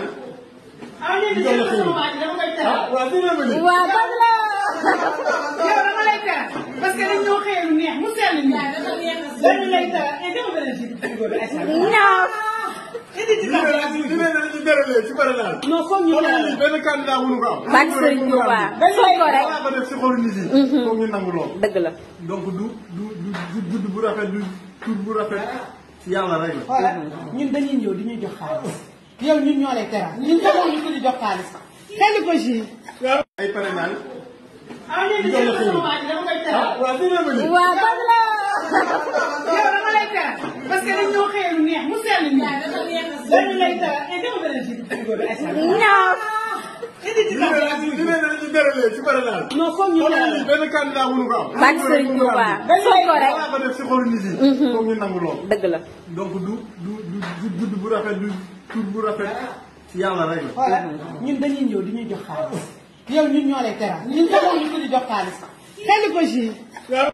naan. ah la. yow dama lay teral parce que dañ ñoo lu mu sell nii. waaw dafa a. dañu lay ko am. bàcc nañu ko waaw soo ko rek. ba def si xolu nit yi. foog ñu nangu lool. dëgg la. donc du di ñuy jox xaalis. yow ñun ñoo lay teral ñun ñoo ñu ko di jox xaalis xel ko ji. ay parrainage. ah léegi ñu ngi sama waaj dama koy teral. Ah, waaw dina ma nii waaw dama la. yow dama lay teral parce que dañ ñoo xëyee lu neex mu sell nii. dañu lay teral et dama bëri ji. non. jàllalee ci parrainage. non foog ñu jàllale benn candidat mënu ko am. bàcc sëriñ Touba foog ko rek ko def si nangu lool. dëgg la du du du du bu rafet du tur bu rafet yàlla rek la. ñun dañuy ñëw di ñu jox xaalis yow ñun ñoo lay teral ñun ñoo ñu di jox xaalis xel ko ji.